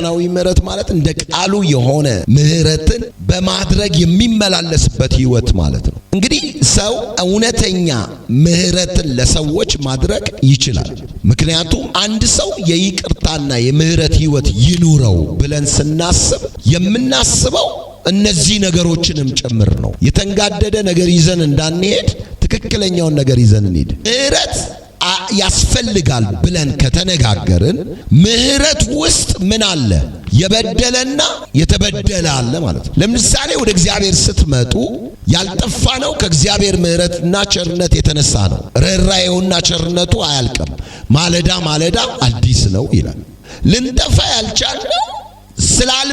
ክርስቲያናዊ ምህረት ማለት እንደ ቃሉ የሆነ ምህረትን በማድረግ የሚመላለስበት ህይወት ማለት ነው። እንግዲህ ሰው እውነተኛ ምህረትን ለሰዎች ማድረግ ይችላል። ምክንያቱም አንድ ሰው የይቅርታና የምህረት ህይወት ይኑረው ብለን ስናስብ የምናስበው እነዚህ ነገሮችንም ጭምር ነው። የተንጋደደ ነገር ይዘን እንዳንሄድ ትክክለኛውን ነገር ይዘን እንሂድ። ምህረት ያስፈልጋል ብለን ከተነጋገርን ምህረት ውስጥ ምን አለ? የበደለና የተበደለ አለ ማለት ነው። ለምሳሌ ወደ እግዚአብሔር ስትመጡ ያልጠፋ ነው ከእግዚአብሔር ምህረትና ቸርነት የተነሳ ነው። ርኅራኄውና ቸርነቱ አያልቅም፣ ማለዳ ማለዳ አዲስ ነው ይላል። ልንጠፋ ነው ስላለ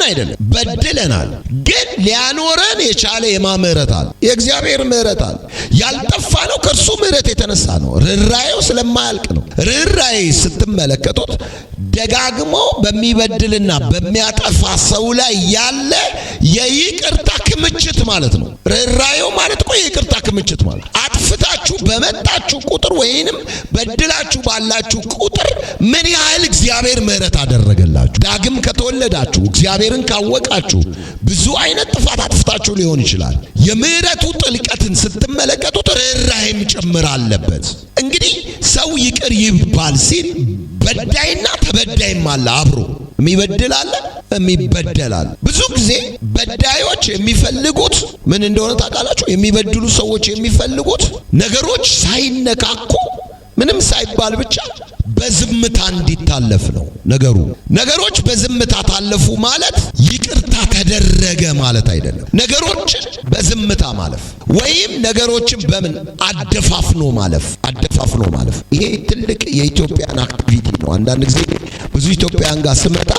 ችለን አይደለም፣ በድለናል። ግን ሊያኖረን የቻለ የማምረታል የእግዚአብሔር ምሕረታል ያልጠፋ ነው። ከእርሱ ምህረት የተነሳ ነው። ርኅራኄው ስለማያልቅ ነው። ርኅራኄ ስትመለከቱት ደጋግሞ በሚበድልና በሚያጠፋ ሰው ላይ ያለ የይቅርታ ክምችት ማለት ነው። ርኅራኄው ማለት እኮ የይቅርታ ክምችት ማለት አጥፍታችሁ በመጣችሁ ቁጥር ወይንም በድላችሁ ባላችሁ ቁጥር ምን ያህል እግዚአብሔር ምሕረት አደረገላችሁ። ዳግም ከተወለዳችሁ እግዚአብሔርን ካወቃችሁ ብዙ አይነት ጥፋት አጥፍታችሁ ሊሆን ይችላል። የምሕረቱ ጥልቀትን ስትመለከቱት ርኅራኄም ጭምር አለበት። እንግዲህ ሰው ይቅር ይባል ሲል በዳይና ተበዳይም አለ አብሮ የሚበድል አለ የሚበደል አለ። ብዙ ጊዜ በዳዮች የሚፈልጉት ምን እንደሆነ ታውቃላችሁ? የሚበድሉ ሰዎች የሚፈልጉት ነገሮች ሳይነካኩ ምንም ሳይባል ብቻ በዝምታ እንዲታለፍ ነው ነገሩ። ነገሮች በዝምታ ታለፉ ማለት ይቅርታ ተደረገ ማለት አይደለም። ነገሮችን በዝምታ ማለፍ ወይም ነገሮችን በምን አደፋፍኖ ማለፍ አደፋፍኖ ማለፍ፣ ይሄ ትልቅ የኢትዮጵያን አክቲቪቲ ነው። አንዳንድ ጊዜ ብዙ ኢትዮጵያን ጋር ስመጣ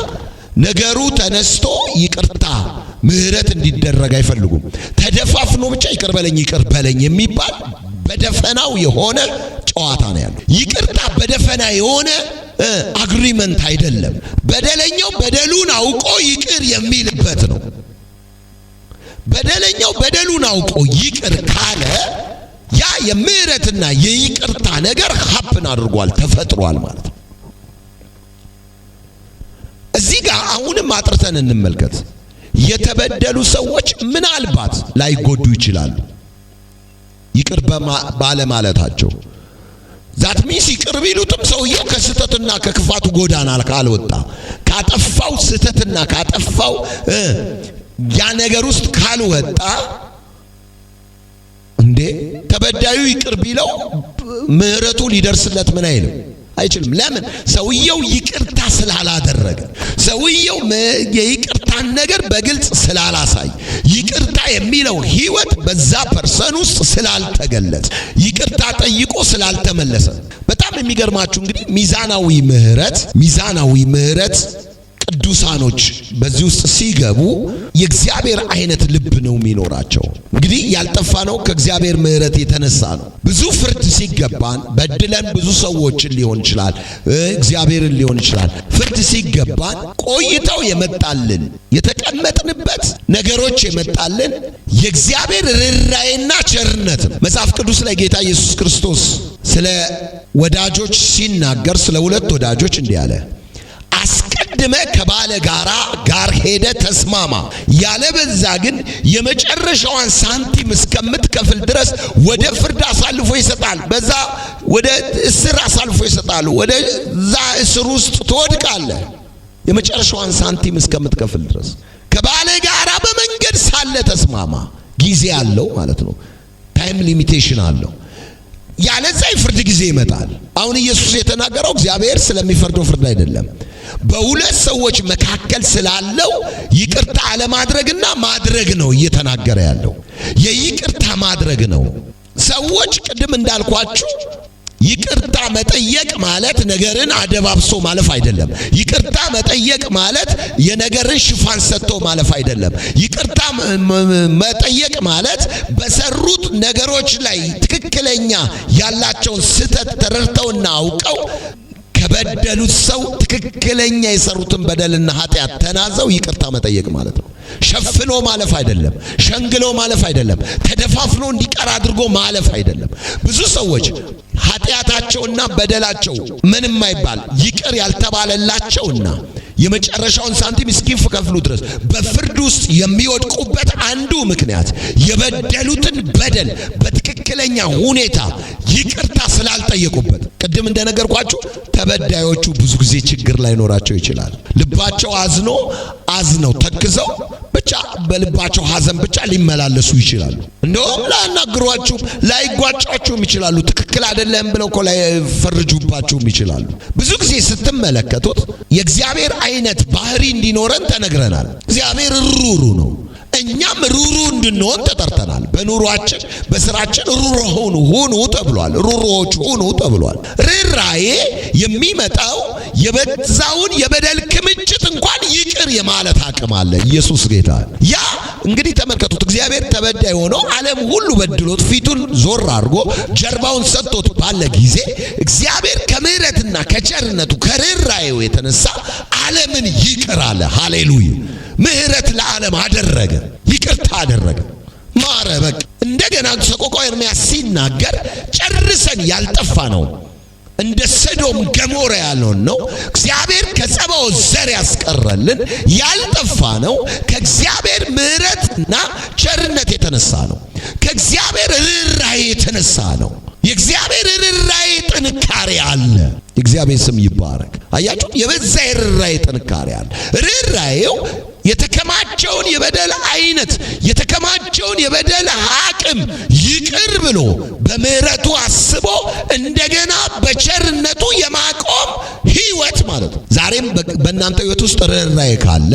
ነገሩ ተነስቶ ይቅርታ ምህረት እንዲደረግ አይፈልጉም። ተደፋፍኖ ብቻ ይቅር በለኝ ይቅር በለኝ የሚባል በደፈናው የሆነ ጨዋታ ነው ያለው። ይቅርታ በደፈና የሆነ አግሪመንት አይደለም። በደለኛው በደሉን አውቆ ይቅር የሚልበት ነው። በደለኛው በደሉን አውቆ ይቅር ካለ ያ የምህረትና የይቅርታ ነገር ሀፕን አድርጓል ተፈጥሯል ማለት ነው። እዚህ ጋር አሁንም አጥርተን እንመልከት። የተበደሉ ሰዎች ምናልባት ላይጎዱ ይችላሉ ይቅር ባለማለታቸው ሚስ ይቅር ቢሉትም ሰውየው ከስህተትና ከክፋቱ ጎዳና ካልወጣ ካጠፋው ስህተትና ካጠፋው ያ ነገር ውስጥ ካልወጣ እንዴ ተበዳዩ ይቅር ቢለው ምህረቱ ሊደርስለት ምን አይልም አይችልም። ለምን? ሰውየው ይቅርታ ስላላደረገ፣ ሰውየው የይቅርታን ነገር በግልጽ ስላላሳይ፣ ይቅር የሚለው ህይወት በዛ ፐርሰን ውስጥ ስላልተገለጸ ይቅርታ ጠይቆ ስላልተመለሰ በጣም የሚገርማችሁ እንግዲህ ሚዛናዊ ምህረት ሚዛናዊ ምህረት ቅዱሳኖች በዚህ ውስጥ ሲገቡ የእግዚአብሔር አይነት ልብ ነው የሚኖራቸው። እንግዲህ ያልጠፋ ነው ከእግዚአብሔር ምሕረት የተነሳ ነው። ብዙ ፍርድ ሲገባን በድለን ብዙ ሰዎችን ሊሆን ይችላል፣ እግዚአብሔርን ሊሆን ይችላል። ፍርድ ሲገባን ቆይተው የመጣልን የተቀመጥንበት ነገሮች የመጣልን የእግዚአብሔር ርኅራኄና ቸርነት ነው። መጽሐፍ ቅዱስ ላይ ጌታ ኢየሱስ ክርስቶስ ስለ ወዳጆች ሲናገር ስለ ሁለት ወዳጆች እንዲህ አለ ቀድመ ከባለ ጋራ ጋር ሄደ ተስማማ። ያለበዛ ግን የመጨረሻዋን ሳንቲም እስከምትከፍል ድረስ ወደ ፍርድ አሳልፎ ይሰጣል። በዛ ወደ እስር አሳልፎ ወደ ወደዛ እስር ውስጥ ትወድቃለ የመጨረሻዋን ሳንቲም እስከምትከፍል ድረስ ከባለ ጋራ በመንገድ ሳለ ተስማማ። ጊዜ አለው ማለት ነው። ታይም ሊሚቴሽን አለው። ያለዛ የፍርድ ጊዜ ይመጣል። አሁን ኢየሱስ የተናገረው እግዚአብሔር ስለሚፈርደው ፍርድ አይደለም። በሁለት ሰዎች መካከል ስላለው ይቅርታ አለማድረግና ማድረግ ነው እየተናገረ ያለው። የይቅርታ ማድረግ ነው። ሰዎች ቅድም እንዳልኳችሁ ይቅርታ መጠየቅ ማለት ነገርን አደባብሶ ማለፍ አይደለም። ይቅርታ መጠየቅ ማለት የነገርን ሽፋን ሰጥቶ ማለፍ አይደለም። ይቅርታ መጠየቅ ማለት በሰሩት ነገሮች ላይ ትክክለኛ ያላቸውን ስህተት ተረድተውና አውቀው ከበደሉት ሰው ትክክለኛ የሰሩትን በደልና ኃጢአት ተናዘው ይቅርታ መጠየቅ ማለት ነው። ሸፍኖ ማለፍ አይደለም። ሸንግሎ ማለፍ አይደለም። ተደፋፍኖ እንዲቀር አድርጎ ማለፍ አይደለም። ብዙ ሰዎች ኃጢአታቸውና በደላቸው ምንም አይባል ይቅር ያልተባለላቸውና የመጨረሻውን ሳንቲም እስኪከፍሉ ድረስ በፍርድ ውስጥ የሚወድቁበት አንዱ ምክንያት የበደሉትን በደል ትክክለኛ ሁኔታ ይቅርታ ስላልጠየቁበት ቅድም እንደነገርኳችሁ ተበዳዮቹ ብዙ ጊዜ ችግር ላይኖራቸው ይችላል። ልባቸው አዝኖ አዝነው ተክዘው ብቻ በልባቸው ሀዘን ብቻ ሊመላለሱ ይችላሉ። እንደውም ላያናግሯችሁም ላይጓጫችሁም ይችላሉ። ትክክል አይደለም ብለው እኮ ላይፈርጁባችሁም ይችላሉ። ብዙ ጊዜ ስትመለከቱት የእግዚአብሔር አይነት ባህሪ እንዲኖረን ተነግረናል። እግዚአብሔር ሩሩ ነው። እኛም ሩሩ እንድንሆን ተጠርተናል። በኑሯችን በስራችን ሩሮ ሁኑ ሁኑ ተብሏል። ሩሮዎች ሁኑ ተብሏል። ርኅራዬ የሚመጣው የበዛውን የበደል ክምችት እንኳን ይቅር የማለት አቅም አለ። ኢየሱስ ጌታ። ያ እንግዲህ ተመልከቱት፣ እግዚአብሔር ተበዳይ ሆኖ ዓለም ሁሉ በድሎት ፊቱን ዞር አድርጎ ጀርባውን ሰጥቶት ባለ ጊዜ እግዚአብሔር ከምሕረትና ከቸርነቱ ከርኅራዬው የተነሳ ዓለምን ይቅር አለ። ሃሌሉያ! ምህረት ለዓለም አደረገ፣ ይቅርታ አደረገ፣ ማረ። በቃ እንደገና ሰቆቃው ኤርምያስ ሲናገር ጨርሰን ያልጠፋ ነው እንደ ሰዶም ገሞራ ያልሆን ነው። እግዚአብሔር ከጸባው ዘር ያስቀረልን ያልጠፋ ነው። ከእግዚአብሔር ምህረትና ቸርነት የተነሳ ነው። ከእግዚአብሔር ርኅራኄ የተነሳ ነው። የእግዚአብሔር ርኅራኄ ጥንካሬ አለ። እግዚአብሔር ስም ይባረክ። አያችሁ፣ የበዛ የርኅራኄ ጥንካሬ አለ። ርኅራኄው የተከማቸውን የበደል አይነት የተከማቸውን የበደል አቅም ይቅር ብሎ በምሕረቱ አስቦ እንደገና በቸርነቱ የማቆም ህይወት ማለት ነው። ዛሬም በእናንተ ህይወት ውስጥ ርኅራኄ ካለ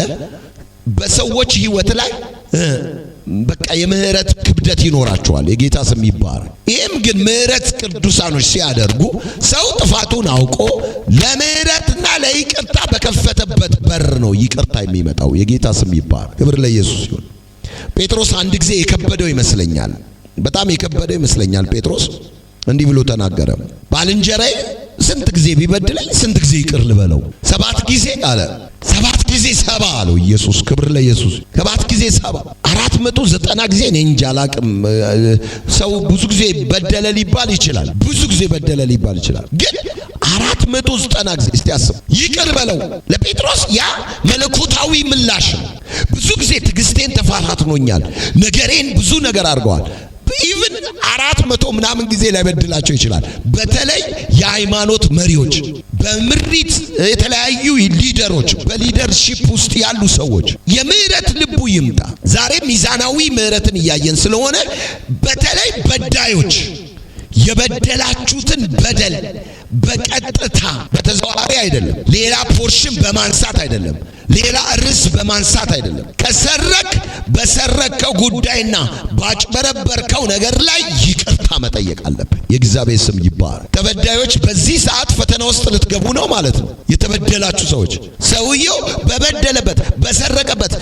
በሰዎች ህይወት ላይ በቃ የምህረት ክብደት ይኖራቸዋል። የጌታ ስም ይባረክ። ይህም ግን ምህረት ቅዱሳኖች ሲያደርጉ ሰው ጥፋቱን አውቆ ለምህረትና ለይቅርታ በከፈተበት በር ነው ይቅርታ የሚመጣው። የጌታ ስም ይባረክ። ክብር ለኢየሱስ ይሁን። ጴጥሮስ አንድ ጊዜ የከበደው ይመስለኛል፣ በጣም የከበደው ይመስለኛል። ጴጥሮስ እንዲህ ብሎ ተናገረ፣ ባልንጀራዬ ስንት ጊዜ ቢበድለኝ ስንት ጊዜ ይቅር ልበለው? ሰባት ጊዜ አለ። ሰባት ጊዜ ሰባ አለው ኢየሱስ። ክብር ለኢየሱስ። ሰባት ጊዜ ሰባ አትምጡ። ዘጠና ጊዜ እኔ እንጃ አላቅም። ሰው ብዙ ጊዜ በደለ ሊባል ይችላል፣ ብዙ ጊዜ በደለ ሊባል ይችላል። ግን 490 ጊዜ እስቲ አስብ። ይቅር በለው ለጴጥሮስ ያ መለኮታዊ ምላሽ። ብዙ ጊዜ ትዕግስቴን ተፋታትኖኛል፣ ነገሬን ብዙ ነገር አድርገዋል ኢቭን አራት መቶ ምናምን ጊዜ ላይበድላቸው ይችላል። በተለይ የሃይማኖት መሪዎች በምሪት የተለያዩ ሊደሮች በሊደርሺፕ ውስጥ ያሉ ሰዎች የምህረት ልቡ ይምጣ። ዛሬ ሚዛናዊ ምህረትን እያየን ስለሆነ በተለይ በዳዮች የበደላችሁትን በደል በቀጥታ በተዘዋዋሪ አይደለም። ሌላ ፖርሽን በማንሳት አይደለም። ሌላ ርዕስ በማንሳት አይደለም። ከሰረክ በሰረከው ጉዳይና ባጭበረበርከው ነገር ላይ ይቅርታ መጠየቅ አለብን። የእግዚአብሔር ስም ይባረክ። ተበዳዮች በዚህ ሰዓት ፈተና ውስጥ ልትገቡ ነው ማለት ነው። የተበደላችሁ ሰዎች ሰውየው በበደለበት በሰረቀበት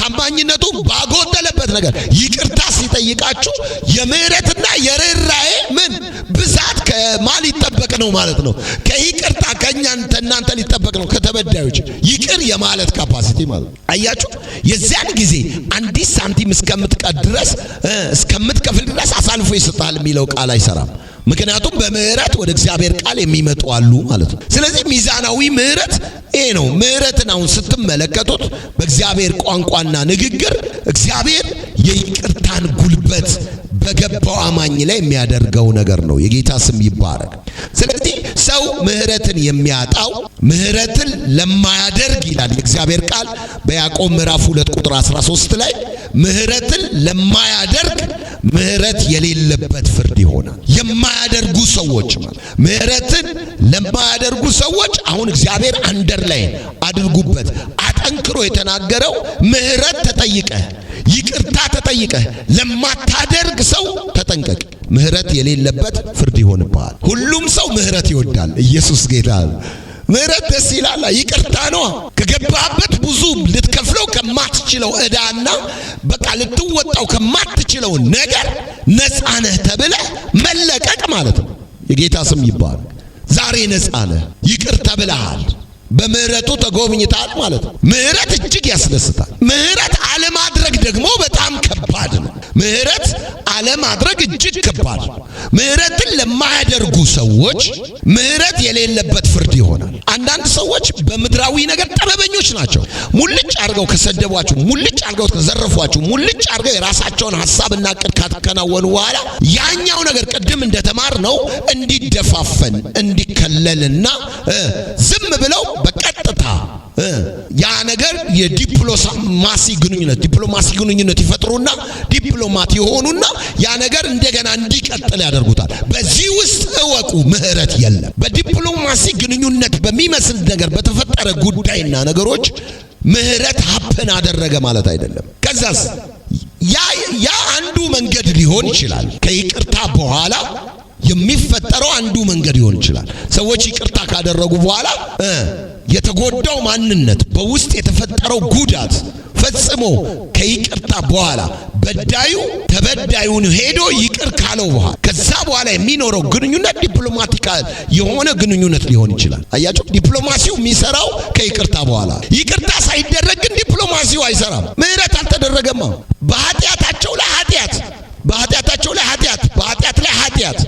ታማኝነቱ ባጎደለበት ነገር ይቅርታ ሲጠይቃችሁ የምህረት ነው ማለት ነው። ከይቅርታ ከእኛንተ እናንተ ሊጠበቅ ነው ከተበዳዮች ይቅር የማለት ካፓሲቲ ማለት ነው። አያችሁ፣ የዚያን ጊዜ አንዲት ሳንቲም እስከምትቀድ ድረስ እስከምትከፍል ድረስ አሳልፎ ይሰጣል የሚለው ቃል አይሰራም። ምክንያቱም በምህረት ወደ እግዚአብሔር ቃል የሚመጡ አሉ ማለት ነው። ስለዚህ ሚዛናዊ ምህረት ይሄ ነው። ምህረትን አሁን ስትመለከቱት በእግዚአብሔር ቋንቋና ንግግር እግዚአብሔር የይቅርታን ጉልበት በገባው አማኝ ላይ የሚያደርገው ነገር ነው። የጌታ ስም ይባረክ። ስለዚህ ሰው ምህረትን የሚያጣው ምህረትን ለማያደርግ ይላል የእግዚአብሔር ቃል በያዕቆብ ምዕራፍ 2 ቁጥር 13 ላይ ምህረትን ለማያደርግ ምህረት የሌለበት ፍርድ ይሆናል። የማያደርጉ ሰዎች ምህረትን ለማያደርጉ ሰዎች አሁን እግዚአብሔር አንደር ላይ አድርጉበት አጠንክሮ የተናገረው ምህረት ተጠይቀህ ይቅርታ ተጠይቀህ ለማታደርግ ሰው ተጠንቀቅ። ምህረት የሌለበት ፍርድ ይሆንብሃል። ሁሉም ሰው ምህረት ይወዳል። ኢየሱስ ጌታ ምህረት ደስ ይላል። ይቅርታ ነው። ከገባበት ብዙ ልትከፍለው ከማትችለው እዳና በቃ ልትወጣው ከማትችለው ነገር ነፃ ነህ ተብለህ መለቀቅ ማለት ነው። የጌታ ስም ይባል። ዛሬ ነፃ ነህ፣ ይቅር ተብለሃል፣ በምህረቱ ተጎብኝታል ማለት ነው። ምህረት እጅግ ያስደስታል። ምህረት ዓለም ደግሞ በጣም ከባድ ነው። ምህረት አለማድረግ እጅግ ከባድ ነው። ምህረትን ለማያደርጉ ሰዎች ምህረት የሌለበት ፍርድ ይሆናል። አንዳንድ ሰዎች በምድራዊ ነገር ጠበበኞች ናቸው። ሙልጭ አድርገው ከሰደቧችሁ፣ ሙልጭ አድርገው ከዘረፏችሁ፣ ሙልጭ አድርገው የራሳቸውን ሀሳብና ቅድ ካከናወኑ በኋላ ያኛው ነገር ቅድም እንደተማር ነው እንዲደፋፈን እንዲከለልና ዝም ብለው ያ ነገር የዲፕሎማሲ ግንኙነት ዲፕሎማሲ ግንኙነት ይፈጥሩና ዲፕሎማት የሆኑና ያ ነገር እንደገና እንዲቀጥል ያደርጉታል። በዚህ ውስጥ እወቁ፣ ምህረት የለም። በዲፕሎማሲ ግንኙነት በሚመስል ነገር በተፈጠረ ጉዳይና ነገሮች ምህረት ሀፕን አደረገ ማለት አይደለም። ከዛስ ያ አንዱ መንገድ ሊሆን ይችላል። ከይቅርታ በኋላ የሚፈጠረው አንዱ መንገድ ሊሆን ይችላል። ሰዎች ይቅርታ ካደረጉ በኋላ የተጎዳው ማንነት በውስጥ የተፈጠረው ጉዳት ፈጽሞ ከይቅርታ በኋላ በዳዩ ተበዳዩን ሄዶ ይቅር ካለው በኋላ ከዛ በኋላ የሚኖረው ግንኙነት ዲፕሎማቲካ የሆነ ግንኙነት ሊሆን ይችላል። አያችሁ፣ ዲፕሎማሲው የሚሰራው ከይቅርታ በኋላ። ይቅርታ ሳይደረግ ግን ዲፕሎማሲው አይሰራም። ምህረት አልተደረገማ። በኃጢአታቸው ላይ ኃጢአት፣ በኃጢአታቸው ላይ ኃጢአት፣ በኃጢአት ላይ ኃጢአት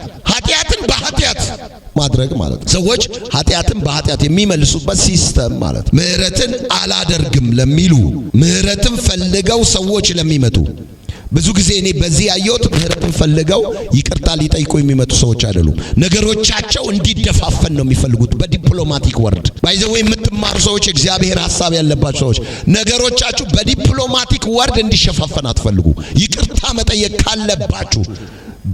ማድረግ ማለት ነው። ሰዎች ኃጢአትን በኃጢአት የሚመልሱበት ሲስተም ማለት ምህረትን አላደርግም ለሚሉ ምህረትን ፈልገው ሰዎች ለሚመጡ ብዙ ጊዜ እኔ በዚህ ያየሁት ምህረትን ፈልገው ይቅርታ ሊጠይቁ የሚመጡ ሰዎች አይደሉም። ነገሮቻቸው እንዲደፋፈን ነው የሚፈልጉት። በዲፕሎማቲክ ወርድ ባይዘው የምትማሩ ሰዎች፣ እግዚአብሔር ሐሳብ ያለባቸው ሰዎች ነገሮቻችሁ በዲፕሎማቲክ ወርድ እንዲሸፋፈን አትፈልጉ። ይቅርታ መጠየቅ ካለባችሁ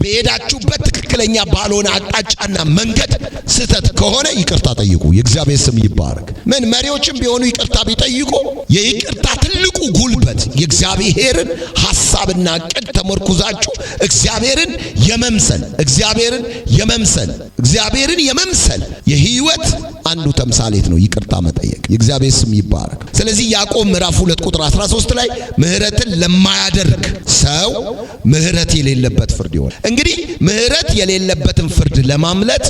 በሄዳችሁበት ትክክለኛ ባልሆነ አቅጣጫና መንገድ ስህተት ከሆነ ይቅርታ ጠይቁ። የእግዚአብሔር ስም ይባረክ። ምን መሪዎችም ቢሆኑ ይቅርታ ቢጠይቁ የይቅርታ ትልቁ ጉልበት የእግዚአብሔርን ሐሳብና ቅድ ተመርኩዛችሁ እግዚአብሔርን የመምሰል እግዚአብሔርን የመምሰል እግዚአብሔርን የመምሰል የህይወት አንዱ ተምሳሌት ነው ይቅርታ መጠየቅ። የእግዚአብሔር ስም ይባረክ። ስለዚህ ያዕቆብ ምዕራፍ 2 ቁጥር 13 ላይ ምህረትን ለማያደርግ ሰው ምህረት የሌለበት ፍርድ ይሆናል። እንግዲህ ምህረት የሌለበትን ፍርድ ለማምለጥ